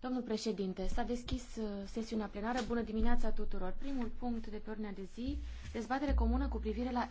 Domnul președinte, s-a deschis uh, sesiunea plenară. Bună dimineața tuturor. Primul punct de pe ordinea de zi, dezbatere comună cu privire la